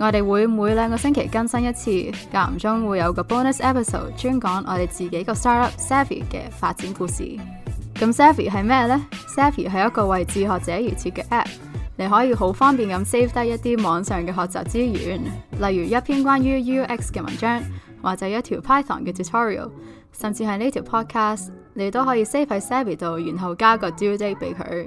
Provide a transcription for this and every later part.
我哋會每兩個星期更新一次，間唔中會有個 bonus episode 專講我哋自己個 startup savvy 嘅發展故事。咁 savvy 係咩呢？savvy 係一個為自學者而設嘅 app，你可以好方便咁 save 低一啲網上嘅學習資源，例如一篇關於 UX 嘅文章，或者一條 Python 嘅 tutorial，甚至係呢條 podcast，你都可以 save 喺 savvy 度，然後加個 due day 俾佢。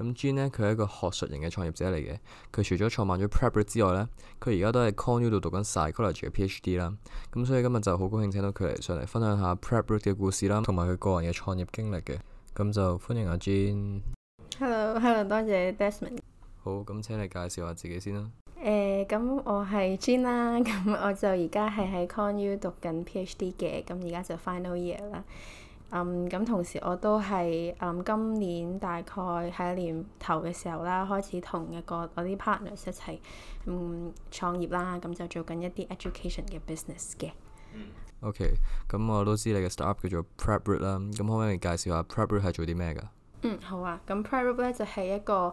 咁 Jeanne 咧，佢係一個學術型嘅創業者嚟嘅。佢除咗創辦咗 PrepRoot 之外咧，佢而家都喺 ConU 度讀緊 psychology 嘅 PhD 啦。咁所以今日就好高興聽到佢嚟上嚟分享下 PrepRoot 嘅故事啦，同埋佢個人嘅創業經歷嘅。咁就歡迎阿、啊、Jeanne。Hello，Hello，多 hello, 謝 Desmond。好，咁請你介紹下自己先啦。誒、欸，咁我係 Jeanne 啦。咁我就而家係喺 ConU 讀緊 PhD 嘅。咁而家就 final year 啦。嗯，咁同時我都係，嗯，今年大概喺年頭嘅時候啦，開始同一個我啲 partners 一齊，嗯，創業啦，咁就做緊一啲 education 嘅 business 嘅。OK. 咁我都知你嘅 startup 叫做 PrepRoot 啦，咁可唔可以介紹下 PrepRoot 係做啲咩噶？嗯，好啊，咁 PrepRoot 咧就係一個。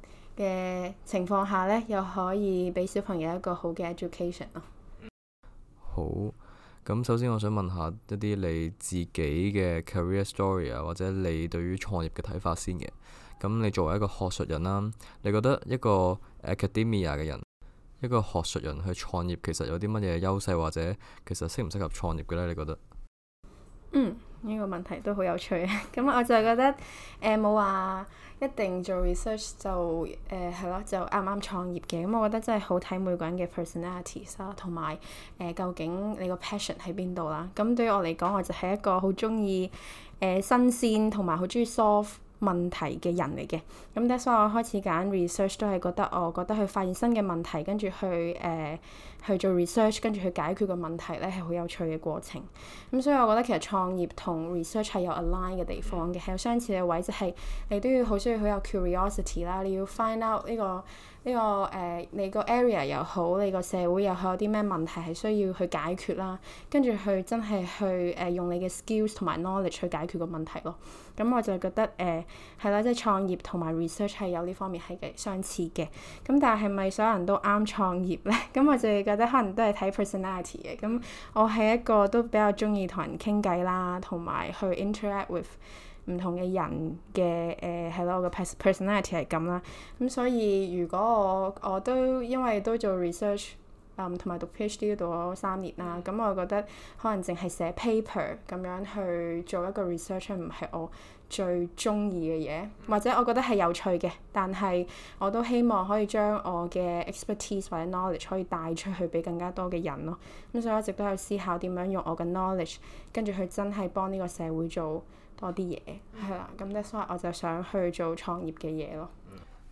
嘅情況下呢，又可以俾小朋友一個好嘅 education。好，咁首先我想問下一啲你自己嘅 career story 啊，或者你對於創業嘅睇法先嘅。咁你作為一個學術人啦，你覺得一個 academia 嘅人，一個學術人去創業，其實有啲乜嘢優勢，或者其實適唔適合創業嘅呢？你覺得？嗯。呢個問題都好有趣啊！咁我就覺得誒冇話一定做 research 就誒係咯，就啱啱創業嘅。咁我覺得真係好睇每個人嘅 personality 啊，同埋誒究竟你個 passion 喺邊度啦？咁、啊、對於我嚟講，我就係一個好中意誒新鮮同埋好中意 soft 問題嘅人嚟嘅，咁咧，所以我開始揀 research 都係覺得我覺得去發現新嘅問題，跟住去誒、uh, 去做 research，跟住去解決個問題咧，係好有趣嘅過程。咁所以我覺得其實創業同 research 係有 align 嘅地方嘅，係有相似嘅位，就係你都要好需要好有 curiosity 啦，你要 find out 呢個。呢、這個誒、呃，你個 area 又好，你個社會又好，有啲咩問題係需要去解決啦，跟住去真係去誒、呃，用你嘅 skills 同埋 knowledge 去解決個問題咯。咁、嗯、我就覺得誒，係、呃、啦，即係創業同埋 research 係有呢方面係嘅相似嘅。咁、嗯、但係係咪所有人都啱創業呢？咁、 嗯、我就覺得可能都係睇 personality 嘅。咁、嗯、我係一個都比較中意同人傾偈啦，同埋去 interact with。唔同嘅人嘅誒係咯，我嘅 personality 係咁啦。咁、嗯、所以如果我我都因為都做 research，同、嗯、埋讀 PhD 讀咗三年啦、啊。咁、嗯、我覺得可能淨係寫 paper 咁樣去做一個 research 唔係我最中意嘅嘢，或者我覺得係有趣嘅。但係我都希望可以將我嘅 expertise 或者 knowledge 可以帶出去俾更加多嘅人咯。咁、嗯、所以我一直都有思考點樣用我嘅 knowledge 跟住去真係幫呢個社會做多啲嘢係啦，咁所以我就想去做創業嘅嘢咯。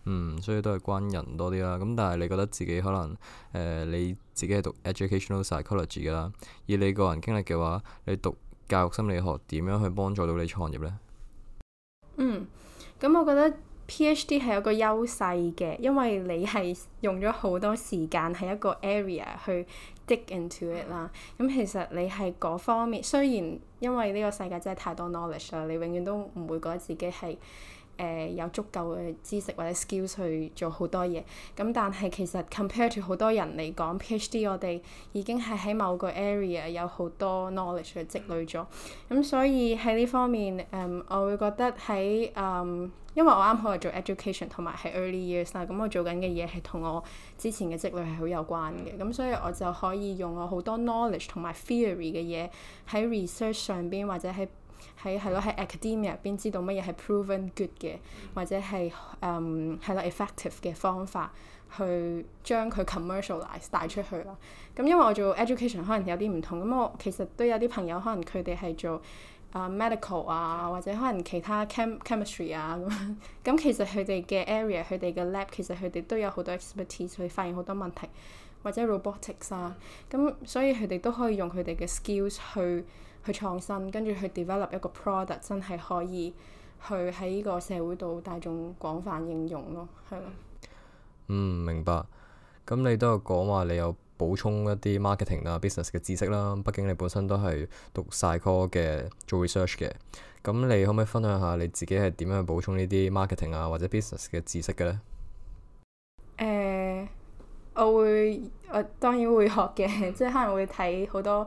嗯，所以都係關人多啲啦。咁但係你覺得自己可能誒、呃、你自己係讀 educational psychology 噶啦，以你個人經歷嘅話，你讀教育心理學點樣去幫助到你創業呢？嗯，咁我覺得 PhD 係有個優勢嘅，因為你係用咗好多時間喺一個 area 去。dig into it 啦，咁、嗯、其實你係嗰方面，雖然因為呢個世界真係太多 knowledge 啦，你永遠都唔會覺得自己係，誒、呃、有足夠嘅知識或者 skills 去做好多嘢，咁但係其實 compare to 好多人嚟講 ，PhD 我哋已經係喺某個 area 有好多 knowledge 去積累咗，咁、 嗯、所以喺呢方面，誒、嗯、我會覺得喺誒、嗯、因為我啱好係做 education 同埋係 early years 啦，咁、嗯、我做緊嘅嘢係同我之前嘅積累係好有關嘅，咁、嗯、所以我就可以用我好多 knowledge 同埋 theory 嘅嘢喺 research 上邊或者喺喺係咯，喺 academia 入邊知道乜嘢係 proven good 嘅，或者係誒係咯 effective 嘅方法，去將佢 commercialize 帶出去啦。咁、嗯、因為我做 education 可能有啲唔同，咁、嗯、我其實都有啲朋友，可能佢哋係做啊、uh, medical 啊，或者可能其他 chem chemistry 啊咁。咁、嗯、其實佢哋嘅 area，佢哋嘅 lab 其實佢哋都有好多 expertise 去發現好多問題，或者 robotics 啊。咁、嗯、所以佢哋都可以用佢哋嘅 skills 去。去創新，跟住去 develop 一個 product，真係可以去喺呢個社會度大眾廣泛應用咯，係咯。嗯，明白。咁你都有講話，你有補充一啲 marketing 啊 business 嘅知識啦。畢竟你本身都係讀晒科嘅，做 research 嘅。咁你可唔可以分享下你自己係點樣去補充呢啲 marketing 啊或者 business 嘅知識嘅呢？誒、呃，我會，我當然會學嘅，即係可能會睇好多。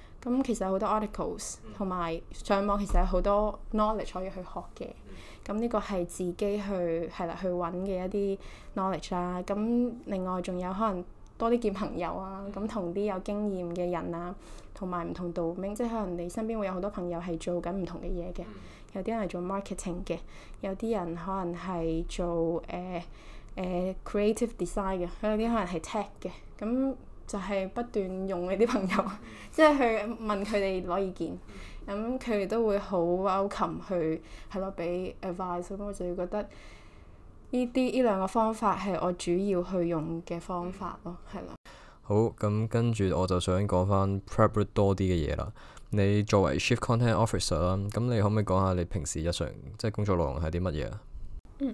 咁其實有好多 articles，同埋上網其實有好多 knowledge 可以去學嘅。咁呢個係自己去係啦，去揾嘅一啲 knowledge 啦。咁另外仲有可能多啲見朋友啊，咁同啲有經驗嘅人啊，同埋唔同 domain，即係可能你身邊會有好多朋友係做緊唔同嘅嘢嘅。有啲人係做 marketing 嘅，有啲人可能係做誒誒、呃呃、creative design 嘅，有啲可能係 tech 嘅，咁。就係不斷用你啲朋友，即 係去問佢哋攞意見，咁佢哋都會好 out 琴去係咯，俾 a d v i s e 咁，我就覺得呢啲呢兩個方法係我主要去用嘅方法咯，係啦。嗯、好咁，跟住我就想講翻 prepare a t 多啲嘅嘢啦。你作為 s h i f t content officer 啦，咁你可唔可以講下你平時日常即係工作內容係啲乜嘢啊？嗯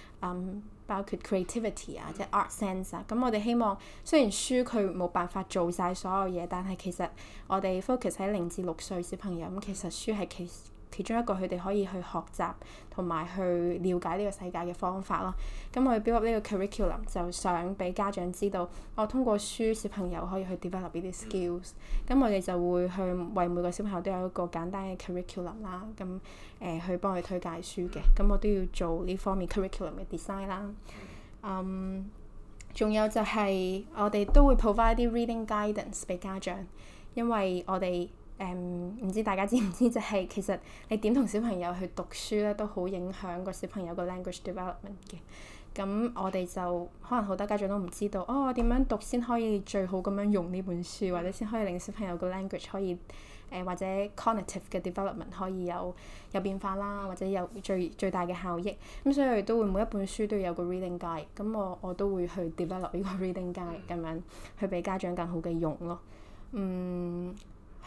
嗯，um, 包括 creativity 啊，即係 art sense 啊，咁、嗯、我哋希望，雖然書佢冇辦法做晒所有嘢，但係其實我哋 focus 喺零至六歲小朋友，咁、嗯、其實書係其其中一個佢哋可以去學習同埋去了解呢個世界嘅方法咯。咁、嗯、我哋 build up 呢個 curriculum，就想俾家長知道，我、哦、通過書，小朋友可以去 develop 呢啲 skills。咁、嗯、我哋就會去為每個小朋友都有一個簡單嘅 curriculum 啦。咁、嗯、誒、呃、去幫佢推介書嘅。咁、嗯、我都要做呢方面 curriculum 嘅 design 啦。嗯，仲有就係、是、我哋都會 provide 啲 reading guidance 俾家長，因為我哋。誒唔、um, 知大家知唔知就係、是、其實你點同小朋友去讀書咧，都好影響個小朋友個 language development 嘅。咁、嗯、我哋就可能好多家長都唔知道哦，點樣讀先可以最好咁樣用呢本書，或者先可以令小朋友個 language 可以誒、呃、或者 cognitive 嘅 development 可以有有變化啦，或者有最最大嘅效益。咁、嗯、所以都會每一本書都有個 reading guide、嗯。咁我我都會去 develop 呢個 reading guide，咁樣去俾家長更好嘅用咯。嗯。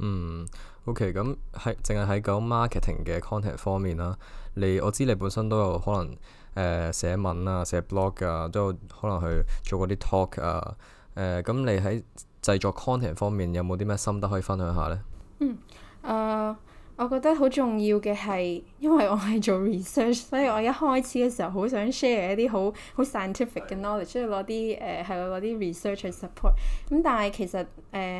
嗯，OK，咁喺淨係喺講 marketing 嘅 content 方面啦。你我知你本身都有可能誒、呃、寫文啊、寫 blog 啊，都有可能去做過啲 talk 啊。咁、呃、你喺製作 content 方面有冇啲咩心得可以分享下呢？嗯，誒、呃，我覺得好重要嘅係，因為我係做 research，所以我一開始嘅時候好想 share 一啲好好 scientific 嘅 knowledge，即係攞、嗯、啲誒係攞啲、呃、research 去 support。咁但係其實誒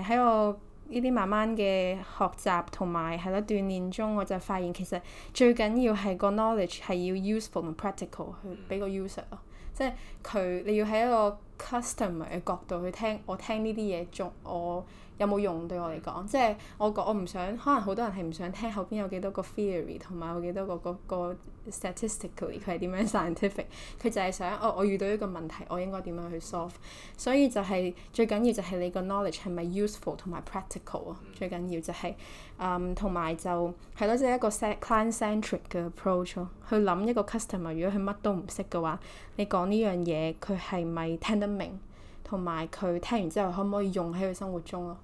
喺、呃、我呢啲慢慢嘅學習同埋係咯鍛鍊中，我就發現其實最緊要係個 knowledge 係要 useful 同 practical 去俾個 user 咯，即係佢你要喺一個。customer 嘅角度去聽，我聽呢啲嘢，我有冇用對我嚟講，即係我講，我唔想，可能好多人係唔想聽後邊有幾多個 theory，同埋有幾多個個,個 statistically 佢係點樣 scientific。佢就係想，哦，我遇到一個問題，我應該點樣去 solve。所以就係最緊要就係你個 knowledge 係咪 useful 同埋 practical 啊？最緊要就係、就是、嗯，同埋就係咯，即係一個 client-centric 嘅 approach 咯。去諗一個 customer，如果佢乜都唔識嘅話，你講呢樣嘢，佢係咪聽得？明同埋佢聽完之後可唔可以用喺佢生活中咯？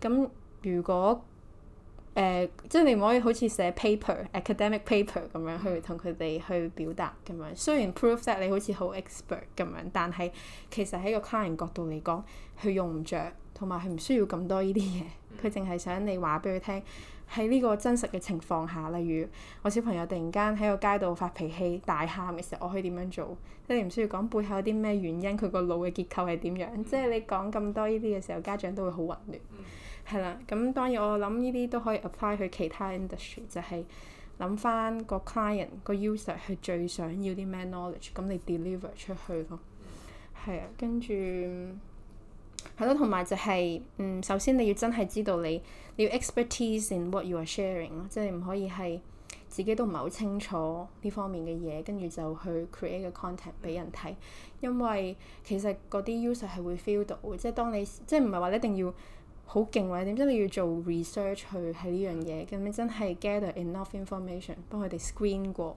咁如果，呃，即係你唔可以好似寫 paper ac、academic paper 咁樣去同佢哋去表達咁樣。雖然 prove that 你好似好 expert 咁樣，但係其實喺個 client 角度，嚟講，佢用唔着，同埋佢唔需要咁多呢啲嘢。佢淨係想你話俾佢聽。喺呢個真實嘅情況下，例如我小朋友突然間喺個街度發脾氣大喊嘅時候，我可以點樣做？即你唔需要講背後有啲咩原因，佢個腦嘅結構係點樣？即係、嗯、你講咁多呢啲嘅時候，家長都會好混亂。係啦、嗯，咁當然我諗呢啲都可以 apply 去其他 industry，就係諗翻個 client 個 user 佢最想要啲咩 knowledge，咁你 deliver 出去咯。係啊，跟住。係咯，同埋就係、是、嗯，首先你要真係知道你你要 expertise in what you are sharing 咯，即係唔可以係自己都唔係好清楚呢方面嘅嘢，跟住就去 create 個 content 俾人睇。因為其實嗰啲 user 係會 feel 到，即係當你即係唔係話一定要好勁或者點，即係你要做 research 去係呢樣嘢，咁你真係 gather enough information 幫佢哋 screen 過。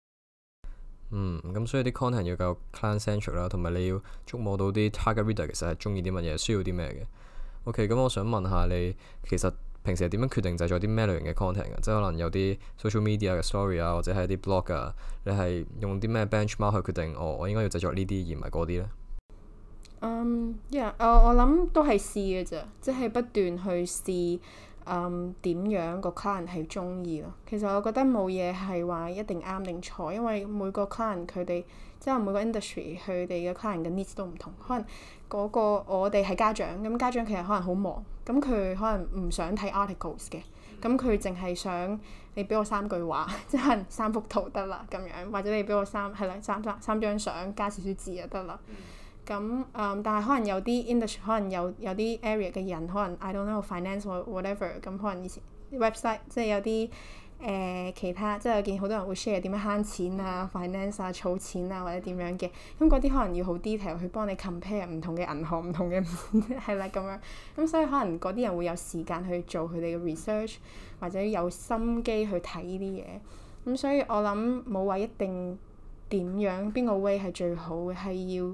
嗯，咁所以啲 content 要夠 client centric 啦，同埋你要觸摸到啲 target reader 其實係中意啲乜嘢，需要啲咩嘅。OK，咁我想問下你，其實平時係點樣決定製作啲咩類型嘅 content 嘅？即係可能有啲 social media 嘅 story 啊，或者係一啲 blog 啊，你係用啲咩 benchmark 去決定？哦，我應該要製作呢啲而唔係嗰啲呢？嗯，yeah，我我諗都係試嘅啫，即係不斷去試。誒點、嗯、樣個 client 係中意咯？其實我覺得冇嘢係話一定啱定錯，因為每個 client，佢哋即係每個 industry 佢哋嘅 client 嘅 needs 都唔同。可能嗰、那個我哋係家長，咁家長其實可能好忙，咁佢可能唔想睇 articles 嘅，咁佢淨係想你俾我三句話，即係三幅圖得啦咁樣，或者你俾我三係啦，三三三張相加少少字就得啦。咁誒、嗯，但係可能有啲 industry，可能有有啲 area 嘅人，可能 I don't know finance or whatever。咁可能以前 website 即係有啲誒、呃、其他，即係我見好多人會 share 點樣慳錢啊、finance 啊、儲錢啊或者點樣嘅。咁嗰啲可能要好 detail 去幫你 compare 唔同嘅銀行、唔同嘅係啦咁樣。咁所以可能嗰啲人會有時間去做佢哋嘅 research，或者有心機去睇呢啲嘢。咁所以我諗冇話一定點樣邊個 way 係最好嘅，係要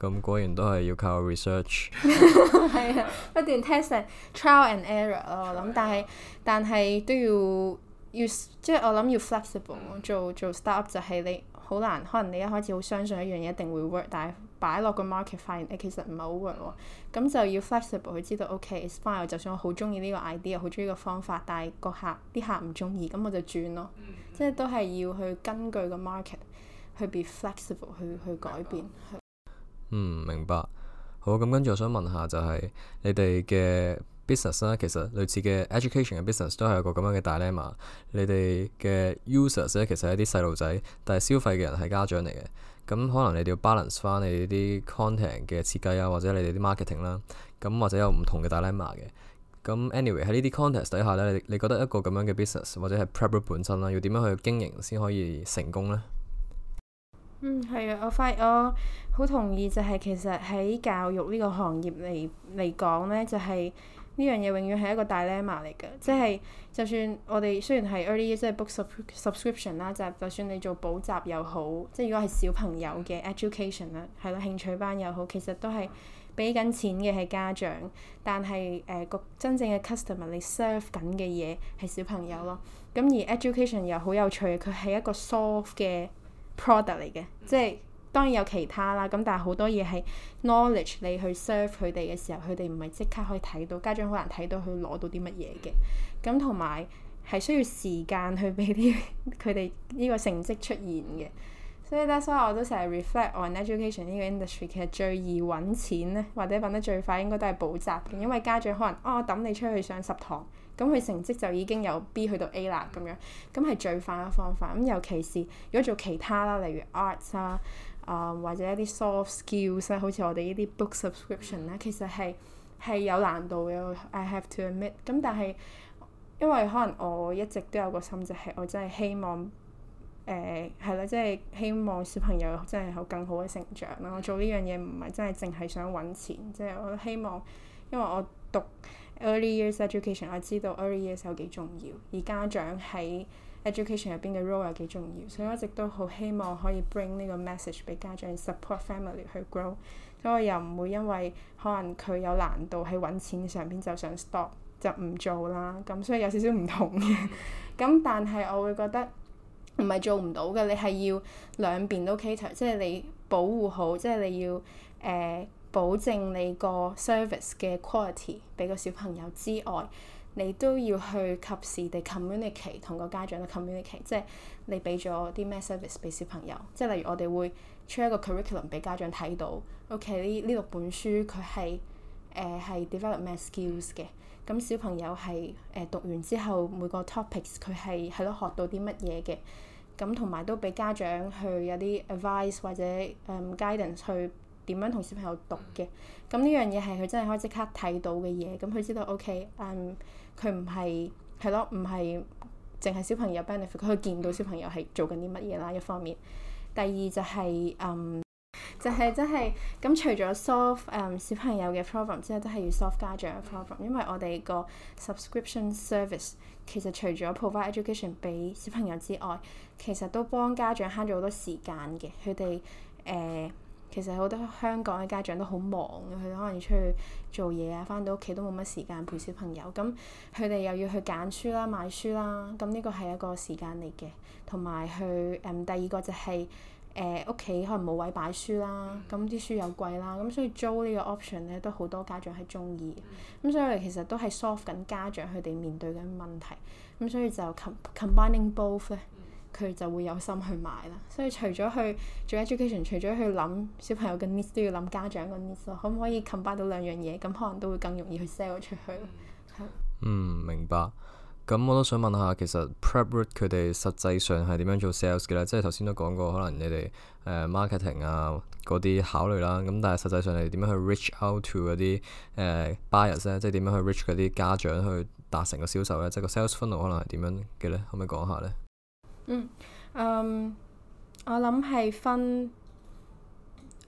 咁果然都係要靠 research，係啊，不斷 test、trial and error 咯。我諗但係但係都要要，即係我諗要 flexible。做做 start up 就係你好難，可能你一開始好相信一樣嘢一定會 work，但係擺落個 market 發現其實唔係好 work 喎。咁就要 flexible 去知道，OK，expire。就算我好中意呢個 idea，好中意個方法，但係個客啲客唔中意，咁我就轉咯。即係都係要去根據個 market 去 be flexible 去去改變。嗯，明白。好，咁跟住我想問下、就是，就係你哋嘅 business 啦，其實類似嘅 education 嘅 business 都係有個咁樣嘅 dilemma。你哋嘅 users 咧，其實係啲細路仔，但係消費嘅人係家長嚟嘅。咁可能你哋要 balance 返你啲 content 嘅設計啊，或者你哋啲 marketing 啦。咁或者有唔同嘅 dilemma 嘅。咁 anyway 喺呢啲 context 底下咧，你你覺得一個咁樣嘅 business 或者係 Preproot 本身啦，要點樣去經營先可以成功呢？嗯，係啊，我快我好同意，就係其實喺教育呢個行業嚟嚟講呢，就係呢樣嘢永遠係一個大 dilemma 嚟㗎。即係就算我哋雖然係 early，即係 book sub subscription 啦，就算你做補習又好，即係如果係小朋友嘅 education 啦，係咯興趣班又好，其實都係俾緊錢嘅係家長，但係誒、呃、個真正嘅 customer 你 serve 緊嘅嘢係小朋友咯。咁而 education 又好有趣，佢係一個 soft 嘅。product 嚟嘅，即係當然有其他啦，咁但係好多嘢係 knowledge，你去 serve 佢哋嘅時候，佢哋唔係即刻可以睇到，家長好難睇到佢攞到啲乜嘢嘅，咁同埋係需要時間去俾啲佢哋呢個成績出現嘅，所以咧，所以我都成日 reflect on education 呢個 industry 其實最易揾錢咧，或者揾得最快應該都係補習嘅，因為家長可能哦我抌你出去上十堂。咁佢成績就已經由 B 去到 A 啦咁樣，咁係最快嘅方法。咁尤其是如果做其他啦，例如 arts 啦、啊，啊、嗯、或者一啲 soft skills 好似我哋呢啲 book subscription 咧、啊，其實係係有難度嘅。I have to admit、嗯。咁但係因為可能我一直都有個心，就係、是、我真係希望，誒係啦，即係、就是、希望小朋友真係有更好嘅成長啦。我做呢樣嘢唔係真係淨係想揾錢，即、就、係、是、我希望，因為我讀。Early years education，我知道 early years 有幾重要，而家長喺 education 入邊嘅 role 有幾重要，所以我一直都好希望可以 bring 呢個 message 俾家長 support family 去 grow。咁我又唔會因為可能佢有難度喺揾錢上邊就想 stop 就唔做啦。咁所以有少少唔同嘅。咁 但係我會覺得唔係做唔到嘅，你係要兩邊都 cater，即係你保護好，即係你要誒。呃保證你個 service 嘅 quality 俾個小朋友之外，你都要去及時地 communicate 同個家長咧 communicate，即係你俾咗啲咩 service 俾小朋友。即係例如我哋會出一個 curriculum 俾家長睇到。OK，呢呢六本書佢係誒係 develop 咩 skills 嘅？咁小朋友係誒、呃、讀完之後每個 topics 佢係係咯學到啲乜嘢嘅？咁同埋都俾家長去有啲 advice 或者誒、嗯、guidance 去。點樣同小朋友讀嘅？咁、嗯、呢樣嘢係佢真係可以即刻睇到嘅嘢，咁、嗯、佢知道 OK，嗯，佢唔係係咯，唔係淨係小朋友 benefit，佢見到小朋友係做緊啲乜嘢啦。一方面，第二就係、係、嗯，就係真係咁，除咗 solve 嗯小朋友嘅 problem 之外，都係要 solve 家長嘅 problem。因為我哋個 subscription service 其實除咗 provide education 俾小朋友之外，其實都幫家長慳咗好多時間嘅。佢哋誒。呃其實好多香港嘅家長都好忙嘅，佢哋可能出去做嘢啊，翻到屋企都冇乜時間陪小朋友。咁佢哋又要去揀書啦、買書啦，咁呢個係一個時間嚟嘅。同埋去誒、嗯，第二個就係誒屋企可能冇位擺書啦，咁啲書又貴啦，咁所以租個呢個 option 咧都好多家長係中意嘅。咁所以其實都係 solve 緊家長佢哋面對嘅問題。咁所以就 comb combining both。佢就會有心去買啦，所以除咗去做 education，除咗去諗小朋友嘅 needs 都要諗家長嘅 needs 咯。可唔可以 combine 到兩樣嘢？咁可能都會更容易去 sell 出去。嗯，明白。咁我都想問下，其實 prep root 佢哋實際上係點樣做 sales 嘅呢？即係頭先都講過，可能你哋、呃、marketing 啊嗰啲考慮啦。咁但係實際上你哋點樣去 reach out to 嗰啲誒 buyers 咧？即係點樣去 reach 嗰啲家長去達成個銷售呢？即係個 sales funnel 可能係點樣嘅呢？可唔可以講下呢？嗯，嗯，我諗係分，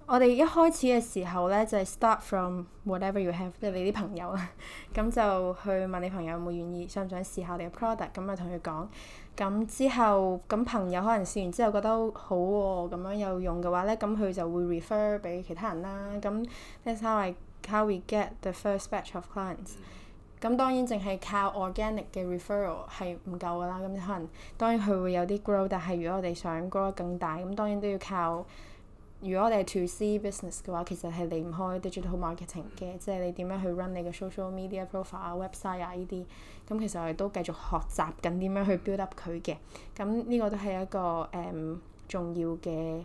我哋一開始嘅時候呢，就係 start from whatever you have，即係你啲朋友，咁就去問你朋友有冇願意、想唔想試下我哋嘅 product，咁啊同佢講，咁之後咁朋友可能試完之後覺得好喎，咁樣有用嘅話呢，咁佢就會 refer 俾其他人啦，咁 that'show we get the first batch of clients。咁當然淨係靠 organic 嘅 referral 係唔夠噶啦，咁可能當然佢會有啲 grow，但係如果我哋想 grow 更大，咁當然都要靠。如果我哋係 to C business 嘅話，其實係離唔開 digital marketing 嘅，即係你點樣去 run 你嘅 social media profile 啊、website 啊呢啲。咁其實我哋都繼續學習緊點樣去 build up 佢嘅，咁呢個都係一個誒、嗯、重要嘅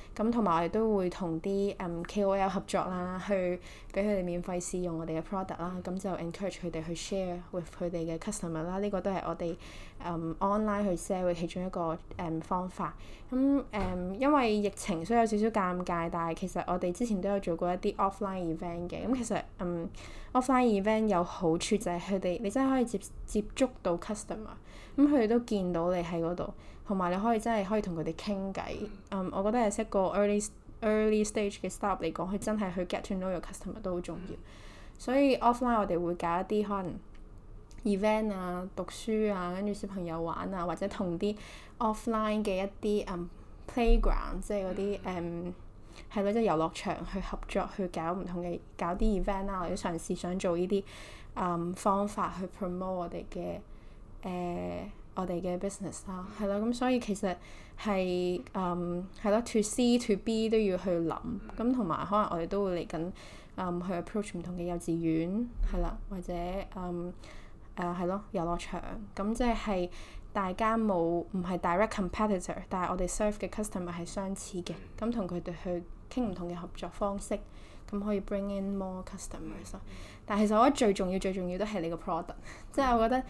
咁同埋我哋都會同啲嗯 KOL 合作啦，去俾佢哋免費試用我哋嘅 product 啦，咁、嗯、就 encourage 佢哋去 share with 佢哋嘅 customer 啦。呢、這個都係我哋嗯 online 去 sell 嘅其中一個誒、嗯、方法。咁、嗯、誒、嗯、因為疫情所以有少少尷尬，但係其實我哋之前都有做過一啲 offline event 嘅。咁、嗯、其實嗯 offline event 有好處就係佢哋你真係可以接接觸到 customer，咁佢哋都見到你喺嗰度。同埋你可以真係可以同佢哋傾偈，嗯、um,，我覺得係一個 early early stage 嘅 start 嚟講，佢真係去 get to know your customer 都好重要。所以 offline 我哋會搞一啲可能 event 啊、讀書啊、跟住小朋友玩啊，或者同啲 offline 嘅一啲嗯、um, playground，即係嗰啲誒係咯，即係遊樂場去合作去搞唔同嘅搞啲 event 啦、啊，或者嘗試想做呢啲嗯方法去 promote 我哋嘅誒。呃我哋嘅 business 啦、啊，係啦，咁所以其實係嗯，係咯，to C to B 都要去諗，咁同埋可能我哋都會嚟緊誒去 approach 唔同嘅幼稚園係啦，或者嗯，誒係咯遊樂場，咁即係大家冇唔係 direct competitor，但係我哋 serve 嘅 customer 係相似嘅，咁同佢哋去傾唔同嘅合作方式，咁可以 bring in more customers，嗯、但係其實我覺得最重要最重要都係你個 product，即係 我覺得。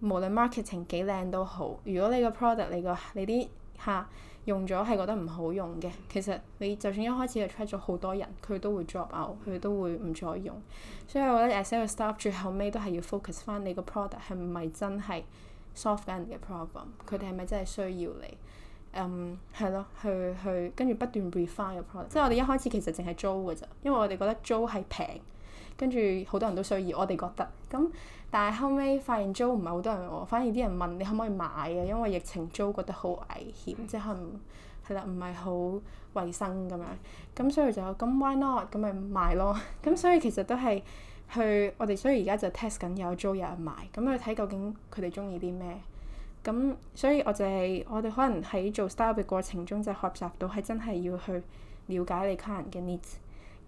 無論 marketing 幾靚都好，如果你個 product 你個你啲客用咗係覺得唔好用嘅，其實你就算一開始就 try 咗好多人，佢都會 drop 掉，佢都會唔再用。所以我覺得 sales staff 最後尾都係要 focus 翻你個 product 係咪真係 solve 緊人嘅 problem，佢哋係咪真係需要你？嗯，係咯，去去跟住不斷 refine 個 product。即係 我哋一開始其實淨係租㗎咋，因為我哋覺得租係平。跟住好多人都需要，我哋覺得咁，但係後尾發現租唔係好多人喎，反而啲人問你可唔可以買啊？因為疫情租覺得好危險，即可能係啦，唔係好衞生咁樣，咁所以就有咁 why not？咁咪買咯。咁所以其實都係去我哋所以而家就 test 緊有租有人買，咁去睇究竟佢哋中意啲咩。咁所以我就係我哋可能喺做 startup 嘅過程中就是、學習到係真係要去了解你 client 嘅 needs。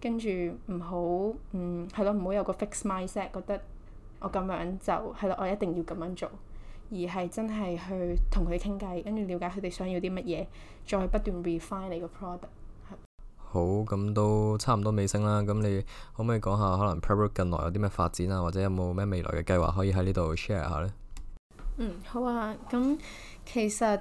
跟住唔好，嗯，係咯，唔好有個 fixed mindset，覺得我咁樣就係咯，我一定要咁樣做，而係真係去同佢哋傾偈，跟住了解佢哋想要啲乜嘢，再不斷 refine 你個 product。好，咁都差唔多尾聲啦。咁你可唔可以講下可能 Preproot 近來有啲咩發展啊，或者有冇咩未來嘅計劃可以喺呢度 share 下呢？嗯，好啊。咁其實